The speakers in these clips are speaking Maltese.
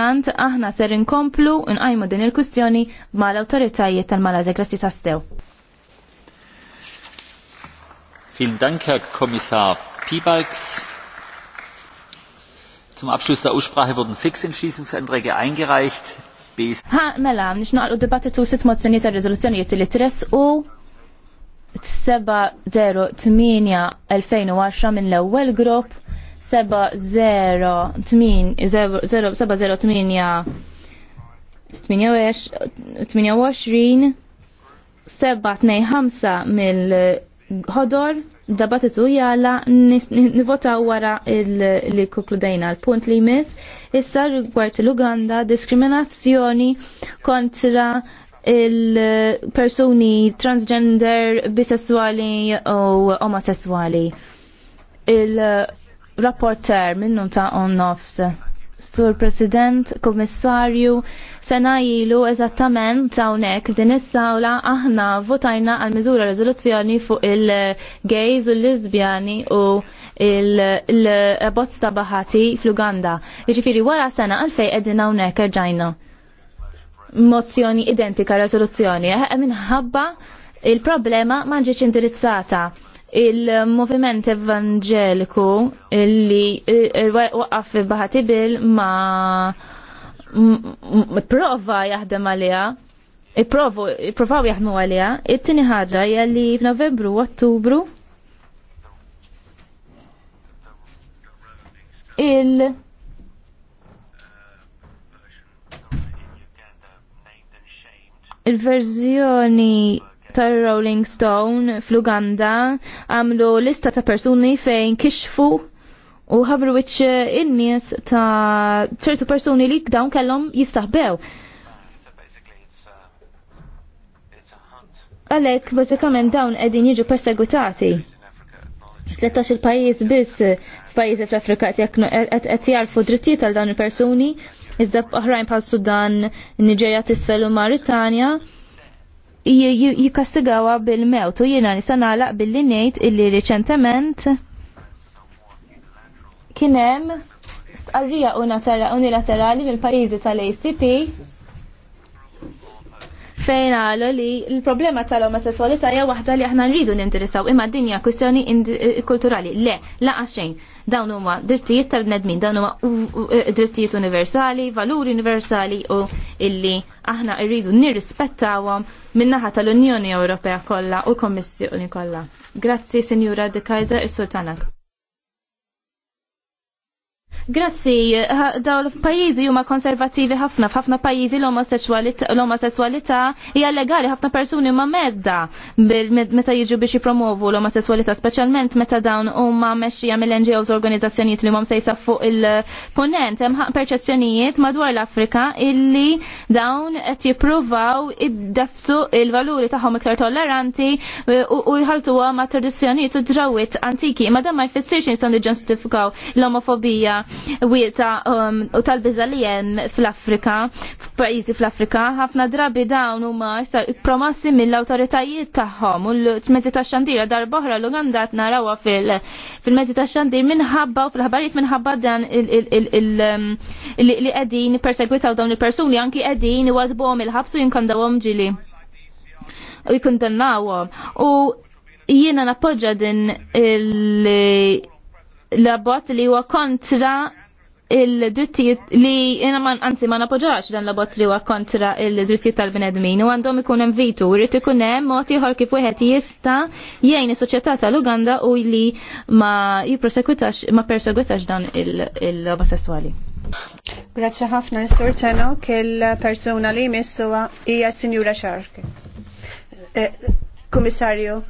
Għand aħna ser inkomplu inqajmu din il-kustjoni mal autoritajiet tal-Malazja. Grazzi tastew. Vielen Dank, Herr Kommissar Piebalgs. Zum Abschluss der Aussprache wurden sechs Entschließungsanträge eingereicht. Ha, mela, nix naqlu dibattitu sitt mozzjoniet ta' rezoluzzjonijiet li tress u 708-2010 minn l-ewwel grupp 708 725 mill-ħodor dabatitu jala nivota wara li kukludajna l-punt li jmiss issa rigward l-Uganda diskriminazzjoni kontra il-personi transgender, bisessuali u omosessuali. Il- rapporter minnum ta' on nofs. Sur President, Kommissarju, sena ilu eżattament hawnhekk f'din is-sawla aħna votajna għal miżura riżoluzzjoni fuq il-gejz u l lisbjani u il-bozz ta' baħati fl-Uganda. Jiġifieri wara sena għalfejn qegħdin hawnhekk erġajna. Mozzjoni identika riżoluzzjoni eh, minħabba il-problema ma ġietx indirizzata il-moviment evangeliku li eh, waqqaf baħatibil ma prova jaħdem għalija Iprovu, iprovaw jaħdmu għalija. It-tini ħaġa hija li f'Novembru u Ottubru il il-verżjoni tar-Rolling Stone fl-Uganda għamlu lista ta' persuni fejn kixfu u ħabru wiċ in-nies ta' ċertu persuni li dawn kellhom jistaħbew. Għalek, bazzikament dawn qegħdin jiġu persegutati. 13 il-pajjiż biss f'pajjiżi fl-Afrika qed jarfu drittijiet għal dawn il-persuni, iżda oħrajn bħal Sudan, Niġerja tisfel u Maritanja, jikastigawa bil-mewt u jiena nista' nagħlaq billi ngħid illi riċentement kien hemm stqarrija unilaterali mill-pajjiżi tal-ACP fejn għalu li l-problema tal-omosessualità hija waħda li aħna nridu ninteressaw imma dinja kwistjoni eh, kulturali. Le, laqas xejn. Dawn huma drittijiet tal-bnedmin, dawn huma eh, drittijiet universali, valuri universali u illi aħna rridu nirrispettawhom min-naħa tal-Unjoni Ewropea kollha u l-Kommissjoni kollha. Grazzi, Sinjura De Kaiser, is-Sultanak. Grazzi, daw l-pajizi huma konservativi ħafna, f'ħafna pajizi l-omosessualità hija legali ħafna persuni huma medda meta jiġu biex jipromovu l-omosessualità, speċjalment meta dawn huma mexxija mill-NGOs organizzazzjonijiet li huma sejsa fuq il-ponent, hemm perċezzjonijiet madwar l-Afrika illi dawn qed jippruvaw iddefsu il-valuri tagħhom iktar tolleranti e, u jħaltuha ma' tradizzjonijiet u drawit antiki, ma dan ma jfissirx nistgħu niġġustifikaw l-omofobija wieta um, u tal-biża li fl-Afrika, f'pajjiżi fl-Afrika, ħafna drabi dawn huma promossi mill-awtoritajiet tagħhom u l-mezzi tax-xandira darb'oħra l-Uganda qed narawha fil-mezzi ta' xandir minħabba u fil-ħabarijiet minħabba dan um, li qegħdin persegwitaw dawn il-persuni anki qegħdin iwadbuhom il-ħabsu jinkandawhom ġili u jikundannawhom. U jiena nappoġġa din il- l-abbot li huwa kontra il-drittijiet li jena man anzi ma napoġax dan l-abbot li huwa kontra il-drittijiet tal-bnedmin u għandhom ikun hemm vitu u rrid ikun hemm mod ieħor kif wieħed jista' jgħin is-soċjetà tal-Uganda u li ma jipprosekwitax ma persegwitax dan il-logħba sesswali. Grazzi ħafna Sur Tenok il-persuna li jmissuha hija Sinjura Xark. Eh, Kummissarju,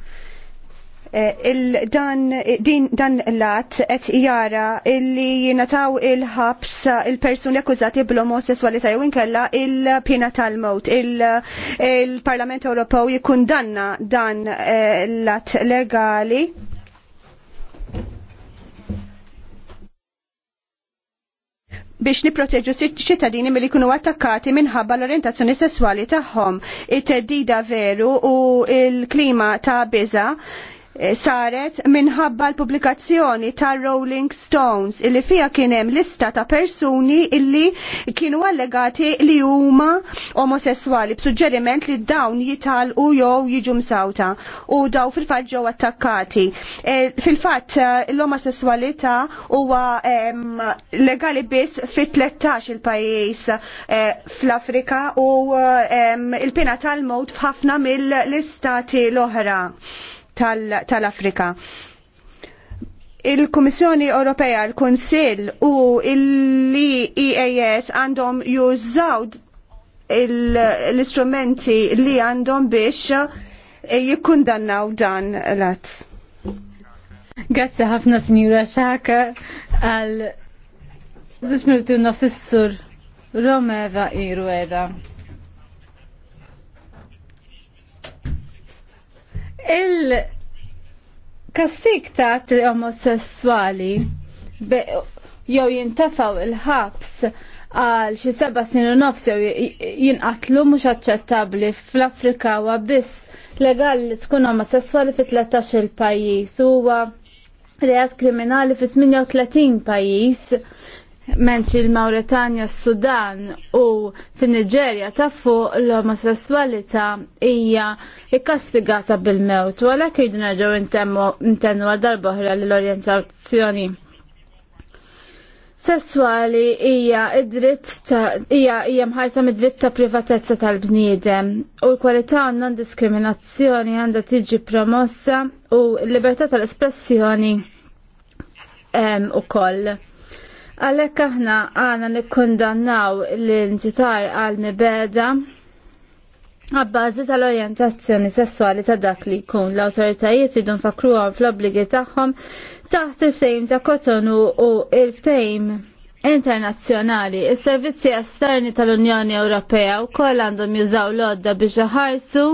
Eh, eh, dan l-att qed jara illi jingħataw il-ħabs il-persuni akkużati bl-omosessualità jew inkella il-pina tal-mewt. Il-Parlament Ewropew jikkundanna dan eh, l-att legali. biex niproteġu ċittadini mill jkunu attakkati minħabba l-orientazzjoni sessuali tagħhom. It-teddida veru u l klima ta' biża' Eh, saret minħabba l-publikazzjoni ta' Rolling Stones illi fija kienem lista ta' persuni illi kienu allegati li huma omosessuali b'suġġeriment li dawn jitalqu jew jiġu msawta u daw fil-fatt ġew attakkati. E, fil-fatt eh, l-omosessualità huwa legali biss fit 13 il-pajjiż e, fl-Afrika u il-pena tal-mod f'ħafna mill-istati l-oħra tal-Afrika. Tal afrika il kummissjoni Ewropea, il-Kunsill u l-EAS għandhom jużaw l-istrumenti li għandhom biex eh, jikkundannaw dan l-att. Grazzi ħafna Sinjura Xaka għal Zismirtu nafs Romeva Irueda. il-kastik ta' omosessuali jew jintafaw il-ħabs għal xi seba' snin u nofs jew jinqatlu mhux aċċettabbli fl-Afrika huwa biss legal li tkun omosessuali fi 13-il pajjiż huwa reat kriminali fi 38 pajjiż mentri l-Mauretania, s-Sudan u fin-Niġerja ta' fuq l-omosessualità hija ikkastigata bil-mewt u għalhekk jridu nerġgħu ntennu għal darboħra lill l orjentazzjoni sessuali hija id-dritt ta' hija hija mħarsa mid-dritt ta' privatezza tal-bniedem u l-kwalità non-diskriminazzjoni għandha tiġi promossa u l-libertà tal-espressjoni ehm, ukoll. Għalhekk aħna għana nikkundannaw l-inġitar għal mibeda għabbażi tal-orjentazzjoni sessuali ta' dak li jkun l-awtoritajiet idun fakruhom fl-obbligi tagħhom taħt il-ftejm ta' kotonu u il-ftejm internazzjonali. Is-servizzi esterni tal-Unjoni Ewropea wkoll għandhom jużaw l-odda biex iħarsu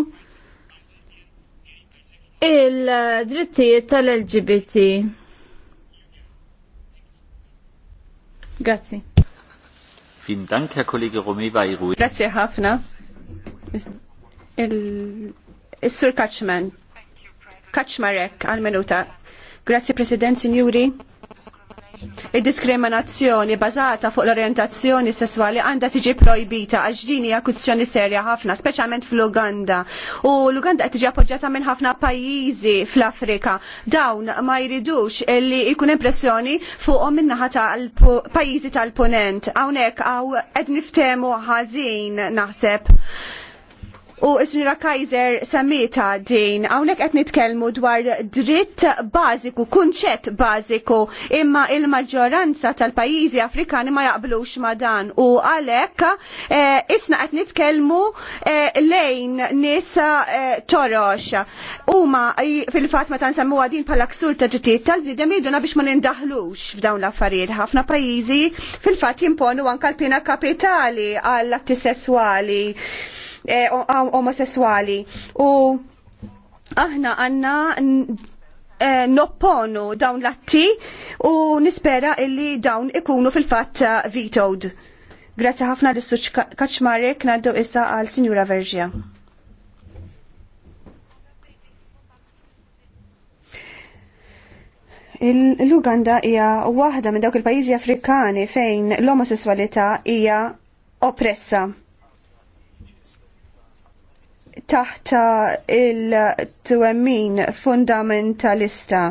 il-drittijiet tal-LGBT. Grazzi. Hafna. dank, Herr Kollege Romeva Il-Sur Kaczman. Kaczmarek, għal-minuta. Grazie, President, Signori. Id-diskriminazzjoni bażata fuq l-orientazzjoni sesswali għandha tiġi projbita għax din hija kwistjoni serja ħafna, speċjalment fl-Uganda. U l-Uganda qed tiġi appoġġjata minn ħafna pajjiżi fl-Afrika. Dawn ma jridux li jkun impressjoni fuqhom min-naħa tal-pajjiżi tal-punent. Hawnhekk hawn qed niftehmu ħażin naħseb. U s-sinjura Kaiser samita din, għawnek għet nitkelmu dwar dritt bażiku, kunċett bażiku, imma il-maġġoranza tal-pajizi Afrikani ma jaqblux ma dan. U għalek eh, isna għet nitkelmu eh, lejn nisa eh, torox. ma fil-fat ma tan semmu għadin pala ksur ta' ġittijiet tal-bnidem jiduna biex ma nindaħlux f'dawn l-affarijiet. Ħafna pajizi fil-fat jimponu għankal l-pina kapitali għall-atti Eh, omosessuali u aħna għanna eh, nopponu dawn l-atti u nispera illi dawn ikunu fil-fatt vetoed. Grazzi ħafna l-suċ kaċmarek naddu issa għal Sinjura Verġja. L-Uganda hija waħda minn dawk il-pajjiżi Afrikani fejn l-omosessualità hija oppressa taħta il-twemmin fundamentalista.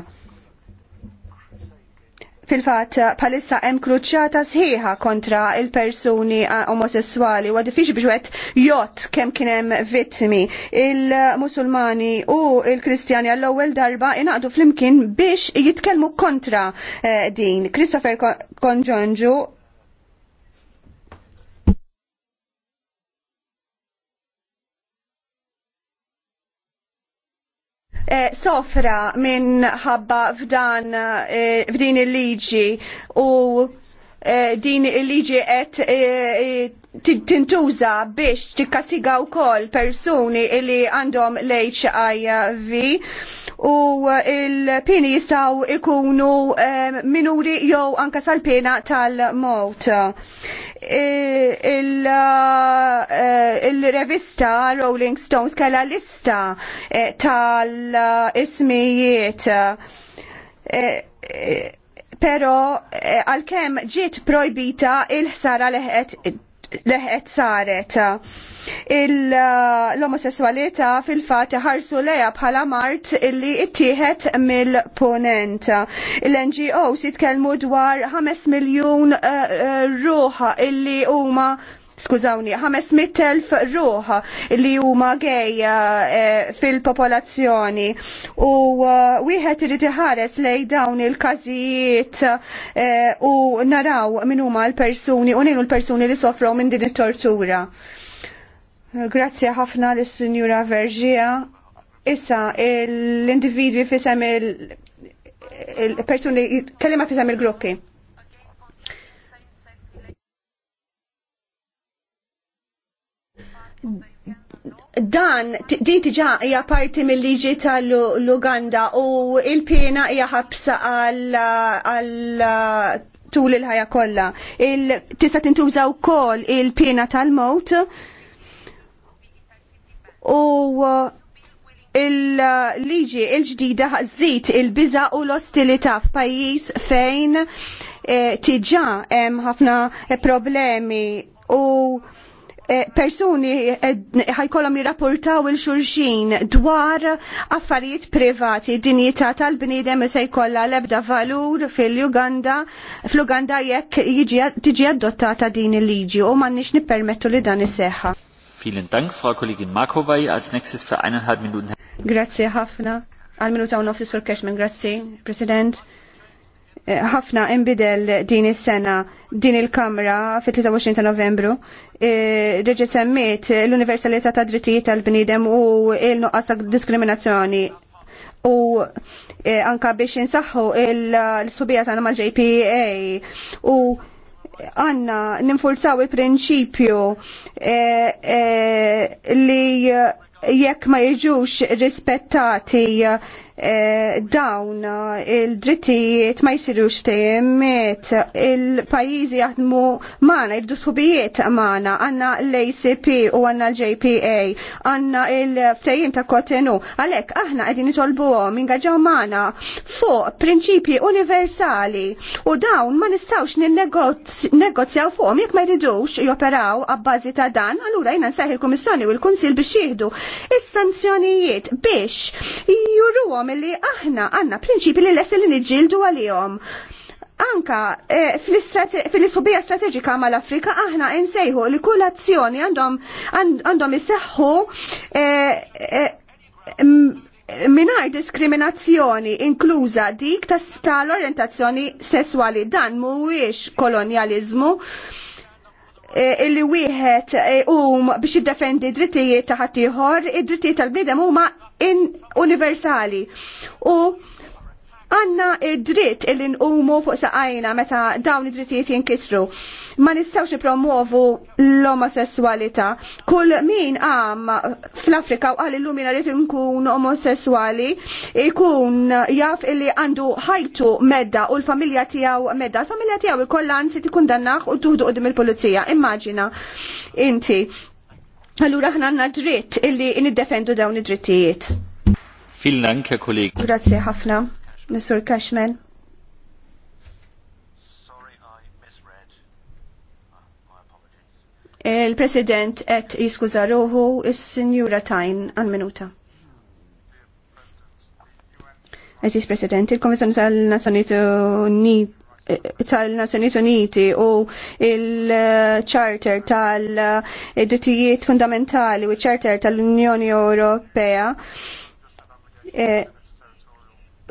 Fil-fat, palissa hemm kruċċata sħiħa kontra il-persuni omosessuali biex għadifix jgħod kemm kem kienem vittmi. Il-Musulmani u il-Kristjani għall-ewwel darba inaqdu flimkien biex jitkellmu kontra eh, din. Christopher Konġonġu Eh, sofra minħabba f'dan eh, f'din il-liġi u eh, din il-liġi qed tintuża biex tikkassiga wkoll persuni li għandhom l-HIV u eh, il-pini jistaw ikunu eh, minuri jew anka sal-pena tal-mot. Eh, il-revista Rolling Stones kalla lista tal-ismijiet. pero għal-kem ġiet projbita il-ħsara leħet saret l uh, omosessualita fil-fat ħarsu leja bħala mart illi ittieħed mill-ponent. l ngo jitkellmu dwar 5 miljun uh, uh, ruħa illi huma skużawni, 500.000 ruħ li huma gej fil-popolazzjoni u wieħed irid iħares lej dawn il-każijiet u naraw min huma l-persuni u nejnu l-persuni li sofru minn din it-tortura. Grazzi ħafna l sinjura Verġija. Issa, l-individwi fisem il-persuni, kellima fisem il-gruppi. dan di tiġa hija parti mill-liġi tal-Uganda u il-pena hija ħabsa għal tul il-ħajja kollha. Tista' tintuża wkoll il-pena tal-mowt u uh, il-liġi il-ġdida żżid il-biża u l-ostilità f'pajjiż fejn eh, tiġà hemm ħafna eh, problemi u eh, persuni ħajkolhom jirrapportaw il xulxin dwar affarijiet privati dinjità tal-bniedem se jkollha l-ebda valur fil-Uganda fl-Uganda jekk tiġi adottata din il-liġi u m'għandniex nippermettu li dan is-seħħa. Vielen Dank, Frau Kollegin Markowaj. Als nächstes für eineinhalb Minuten. Grazie, ħafna. Għal minuta u nofsi sur Cashman, grazie, President. ħafna eh, imbidel din is-sena din il-Kamra fit-23 ta' Novembru eh, reġgħet semmiet l-universalità ta' drittijiet tal-bniedem u l-nuqqas ta' diskriminazzjoni u eh, anka biex insaħħu il subija tagħna mal-JPA u għanna ninfulsaw il-prinċipju eh, eh, li jekk ma jiġux rispettati eh, Eh, dawn eh, il-drittijiet ma jisirux tejemmet, il-pajizi jaħdmu maħna, jibdu subijiet maħna, għanna l-ACP u għanna l-JPA, għanna il-ftajim ta' kotenu, għalek aħna għedin nitolbu għom, ingagġaw maħna fuq prinċipji universali u dawn ma nistawx nil-negozjaw fuq jek ma jridux joperaw għabbazi ta' dan, għallura jina nsaħi il-Komissjoni u l-Kunsil biex jihdu is-sanzjonijiet biex juruhom ngħidilhom illi aħna għandna prinċipi li lesel li niġġieldu għalihom. Anka eh, fil-istubija strateġika mal-Afrika aħna insejħu li kull azzjoni għandhom jisseħħu eh, eh, minar diskriminazzjoni inkluża dik tal-orientazzjoni sesswali dan mhuwiex kolonjaliżmu illi wieħed um biex jiddefendi drittijiet ta' ħaddieħor, id-drittijiet tal-bniedem huma universali u għanna id-dritt il nqumu fuq saqajna meta dawn id-drittijiet jinkisru. Ma nistawx nipromovu l-omosessualità. Kull min għam fl-Afrika u għal illumina rrit nkun omosessuali ikun jaf illi għandu ħajtu medda u l-familja tijaw medda. L-familja tijaw ikollan si tikun dannaħ u tuħdu qoddim il-polizija. Immaġina, inti Allura ħna għanna dritt illi niddefendu dawn id-drittijiet. fil ke kolleg. Grazie ħafna, Nisur Kashman. Il-President et jiskuza roħu il sinjura Tajn għan minuta. Eżis President, il-Konvenzjoni tal-Nazzjonijiet tal-Nazzjonijiet Uniti u il-Charter tal dritijiet Fundamentali u il-Charter tal-Unjoni Ewropea e,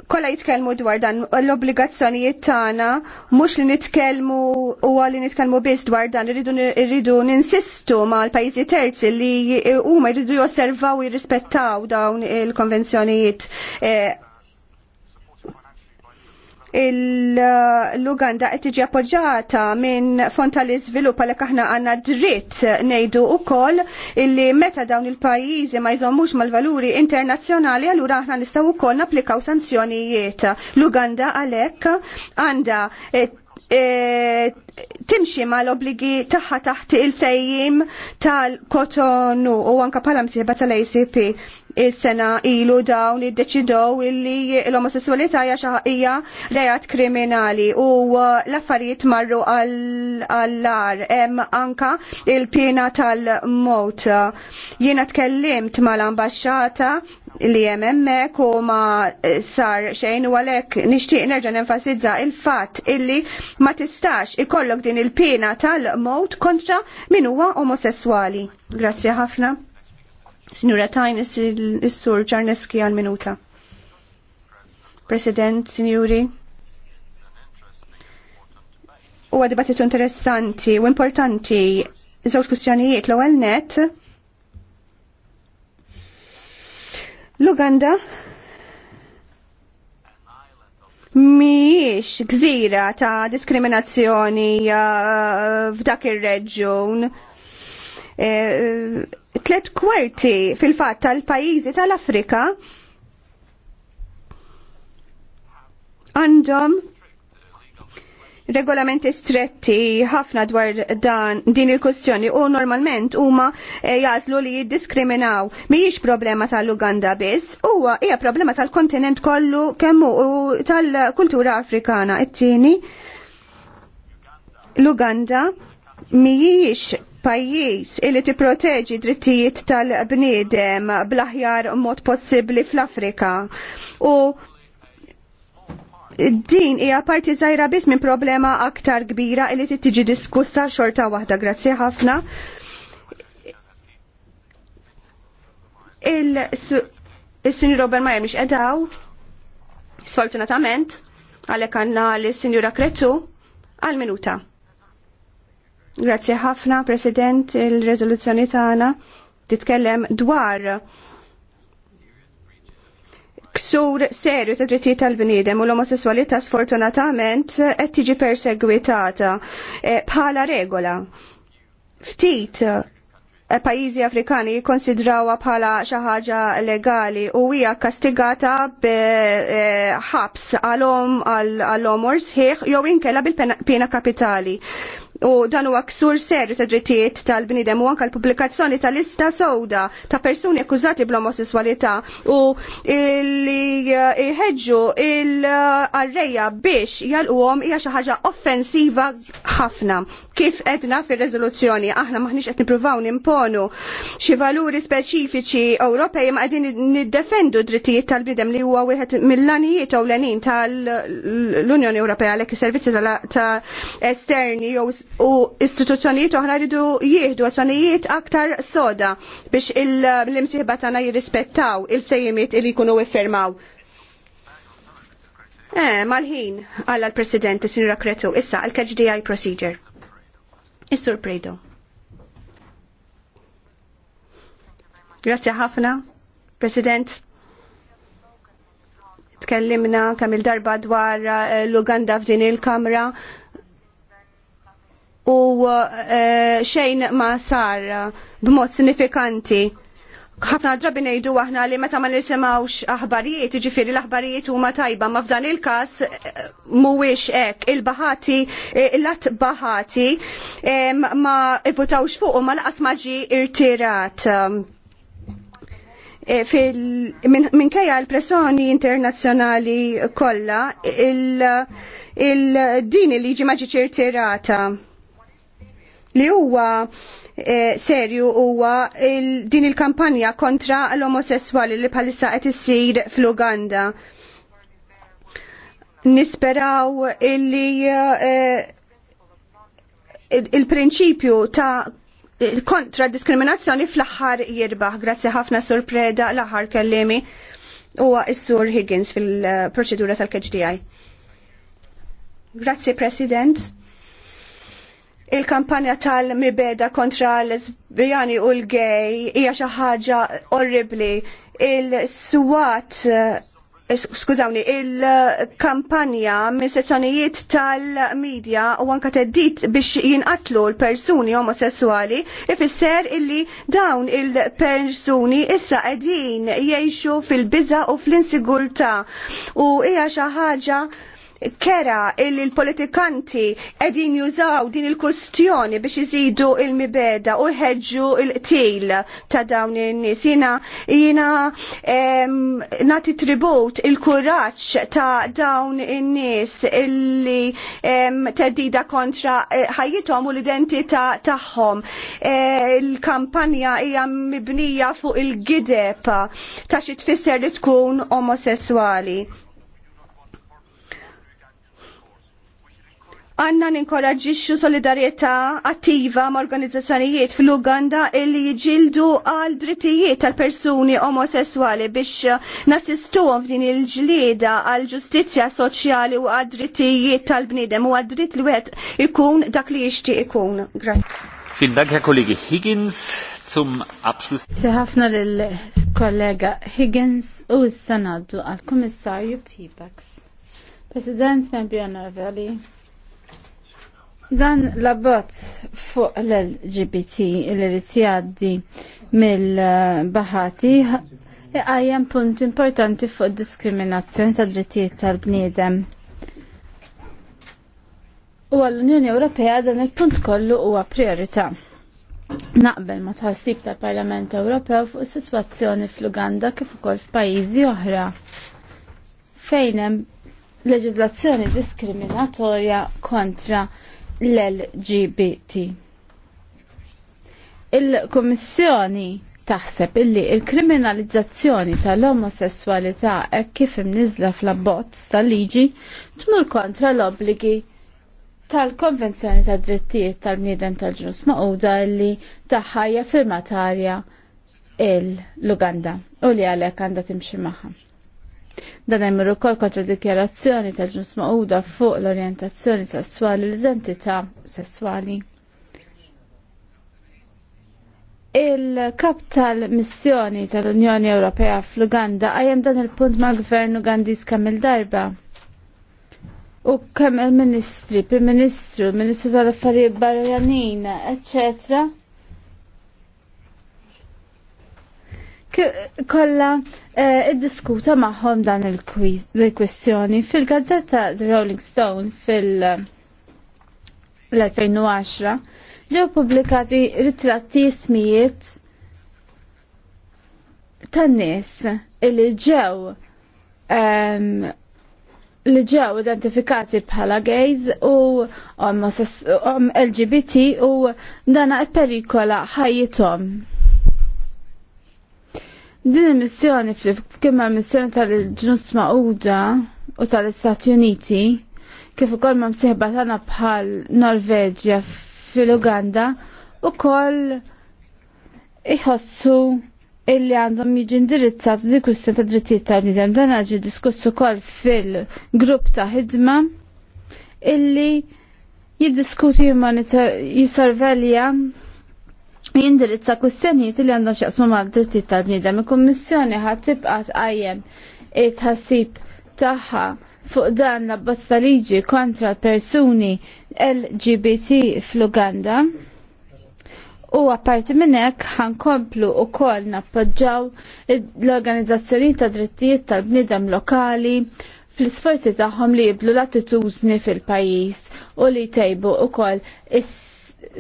kolla jitkelmu dwar dan l-obbligazzjonijiet tagħna mhux li nitkellmu huwa li nitkellmu biss dwar dan irridu ninsistu mal-pajjiżi terzi li huma jridu josservaw jirrispettaw dawn il-konvenzjonijiet e, l-Uganda qed tiġi appoġġjata minn fond tal-iżvilupp għalhekk aħna għandna dritt ngħidu wkoll illi meta dawn il-pajjiżi ma jżommux mal-valuri internazzjonali allura aħna nistgħu wkoll napplikaw sanzjonijiet. L-Uganda għalhekk għandha eh, eh, timxi ma l-obligi taħħa taħt il-fejjim tal-Kotonu u anka pala msieba tal-ACP sena ilu dawn li d-deċidow illi l-omosessualità hija xi ħaqija reat kriminali u uh, l-affarijiet marru għall-ar hemm anka il-pjena tal-mot. Jiena tkellimt mal-ambasċata li hemm hemmhekk u ma sar xejn u għalhekk nixtieq nerġa' nenfasizza il-fatt illi ma tistax ikollok din il pina tal-mowt kontra min huwa omosessuali. Grazzi ħafna. Signora Times, il-sur Czarneski għal-minuta. President, signori, u għadibattitu interessanti u importanti żewġ kustjonijiet l ewwel net. L-Uganda miex gżira ta' diskriminazzjoni uh, f'dak ir-reġjun. Eh, tlet kwarti fil-fatt tal-pajjiżi tal-Afrika għandhom regolamenti stretti ħafna dwar dan din il-kustjoni u normalment huma eh, jażlu li jiddiskriminaw mhijiex problema tal-Uganda biss, huwa hija problema tal-kontinent kollu kemm u tal-kultura Afrikana. It-tieni l-Uganda mhijiex pajjiż illi tipproteġi drittijiet tal-bniedem bl-aħjar mod possibbli fl-Afrika. U din hija parti żgħira biss minn problema aktar kbira li trid tiġi diskussa xorta waħda. Grazzi ħafna. Il-Sinjur Robert Majer mhix qedaw, sfortunatament, għalhekk għandna lis sinjura Kretu għal minuta. Grazzi ħafna, President, il-rezoluzzjoni tagħna titkellem dwar ksur serju ta' drittijiet tal-bniedem u l-omosessualità sfortunatament qed tiġi persegwitata e, bħala regola. Ftit e, pajjiżi Afrikani jikkonsidrawha bħala xi ħaġa legali u hija kastigata b'ħabs e, għalhom għall-omor sħiħ jew inkella bil-pena kapitali u dan huwa ksur serju ta' drittijiet tal bnidem u anke l-pubblikazzjoni ta' lista sewda ta' persuni akkużati bl-omosessualità u li jħedġu eh, l arreja biex jalquhom hija xi ħaġa offensiva ħafna. Kif edna fir-reżoluzzjoni aħna maħniex qed nippruvaw nimponu xi valuri speċifiċi Ewropej ma qegħdin niddefendu drittijiet tal bnidem li huwa wieħed mill-lanijiet ewlenin tal-Unjoni Ewropea għalhekk is-servizzi ta' esterni jew u istituzzjonijiet oħra jridu jieħdu azzjonijiet aktar soda biex l-imsieħba tagħna jirrispettaw il-ftejjimiet li jkunu iffirmaw. Eh, mal-ħin għalla l-President, Sinra Kretu, issa l-KHDI procedure. Is-Sur Predo. Grazie ħafna, President. Tkellimna kemm il-darba dwar eh, l-Uganda f'din il-Kamra u eh, xejn ma sar b'mod sinifikanti ħafna drabi ngħidu aħna li meta ma nisimgħux aħbarijiet, jiġifieri l-aħbarijiet huma tajba, ma f'dan il-każ eh, mhuwiex hekk. Il-baħati, eh, il-lat baħati ma votawx fuq u ma laqas ma ġie irtirat. Minkejja l-pressjoni internazzjonali kollha il-din il-liġi ma ġietx irtirata li huwa eh, serju huwa din il-kampanja kontra l-omosessuali li palissa qed issir fl-Uganda. Nisperaw illi eh, il-prinċipju ta' kontra diskriminazzjoni fl-aħħar jirbaħ. Grazzi ħafna sur Preda l-aħħar kellimi huwa s-sur Higgins fil-proċedura tal kgdi Grazzi President il-kampanja tal-mibeda kontra l-lesbijani u l-gej hija xi ħaġa orribli. Il-swat skużawni, il-kampanja minn sezzjonijiet tal-medja u anka teddit biex jinqatlu l-persuni omosessuali ifisser illi dawn il-persuni issa qegħdin jgħixu fil-biża u fl-insigurtà u hija xi ħaġa kera illi l-politikanti edin jużaw din il-kustjoni biex iżidu il-mibeda u jħedġu il-til ta' dawn in-nies. Jina, jina nati tribut il-kuraċ ta' dawn in-nies illi teddida kontra eh, ħajjithom u l-identità tagħhom. Eh, il-kampanja hija mibnija fuq il-gideb ta' xi tfisser li tkun omosessuali għanna ninkoraġġixxu solidarjetà attiva ma' organizzazzjonijiet fl-Uganda illi jġildu għal drittijiet tal-persuni omosessuali biex nassistuhom f'din il-ġlieda għal ġustizzja soċjali u għad drittijiet tal-bniedem u għad dritt li wieħed ikun dak li jixtieq ikun. Fin dak Herr kollegi Higgins. Zum Abschluss. Seħafna l-kollega Higgins u s-sanaddu għal-Kommissarju Pibax. President Membri Onorevoli, Dan l fuq l-LGBT li jgħaddi mill-Bahati għajjem punt importanti fuq diskriminazzjoni ta' drittijiet tal-bniedem. U għall-Unjoni Ewropea dan il-punt kollu huwa priorità. Naqbel ma tħassib tal-Parlament Ewropew fuq is-sitwazzjoni fl-Uganda kif ukoll f'pajjiżi oħra fejn hemm leġiżlazzjoni diskriminatorja kontra l-LGBT. il komissjoni taħseb illi il-kriminalizzazzjoni tal-omosessualità hekk kif imniżla fl-abbozz tal-liġi tmur kontra l-obbligi tal-Konvenzjoni tad Drittijiet tal-Bniedem tal-Ġus Maquda illi taħħajja firmatarja il-Luganda u li għalhekk għandha timxi magħha. Dan hemm ukoll kontra dikjarazzjoni tal-ġnus maquda fuq l-orjentazzjoni sessuali u l-identità sessuali. Il-kap tal-missjoni tal-Unjoni Ewropea fl-Uganda għajem dan il-punt ma' gvern Ugandis kamil darba. U kemm il-ministri, prim-ministru, ministru tal-affarijiet barranin, eccetera kolla eh, id-diskuta maħħom dan il-kwistjoni fil-gazzetta The Rolling Stone fil-2010 ġew publikati ritratti smijiet tan-nies li ġew ehm, li ġew identifikati bħala gays u LGBT u dana perikola ħajjithom. Din il-missjoni kemm missjoni tal-ġnus Mauda u tal-Istati Uniti kif ukoll ma' msieħba tagħna bħal Norveġja fil-Uganda ukoll iħossu illi għandhom jiġi indirizzat dik kwistjoni ta' drittijiet tal-bniedem dan ġi diskuss ukoll fil-grupp ta' ħidma illi jiddiskuti jimonitor jisorvelja jindirizza kustjonijiet li għandhom xaqsmu mal-drittijiet tal-bniedem. Il-Kummissjoni ħad tibqa' tqajjem it-ħassib tagħha fuq dan l-abbozz liġi kontra persuni LGBT fl-Uganda. U apparti minn hekk ħankomplu wkoll nappoġġaw l-organizzazzjoni ta' drittijiet tal-bniedem lokali fl-isforzi tagħhom li jiblu l-attitudni fil-pajjiż u li jtejbu wkoll is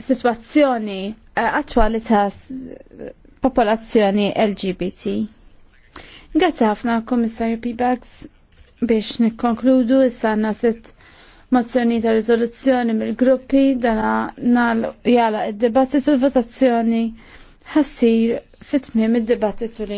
situazzjoni eh, attwali ta' popolazzjoni LGBT. Grazie ħafna Komissarju Pibax biex nikkonkludu issa għandna sitt mozzjoni ta' riżoluzzjoni mill-gruppi dana nal jala id-dibattitu l-votazzjoni ħassir fit-tmiem id-dibattitu li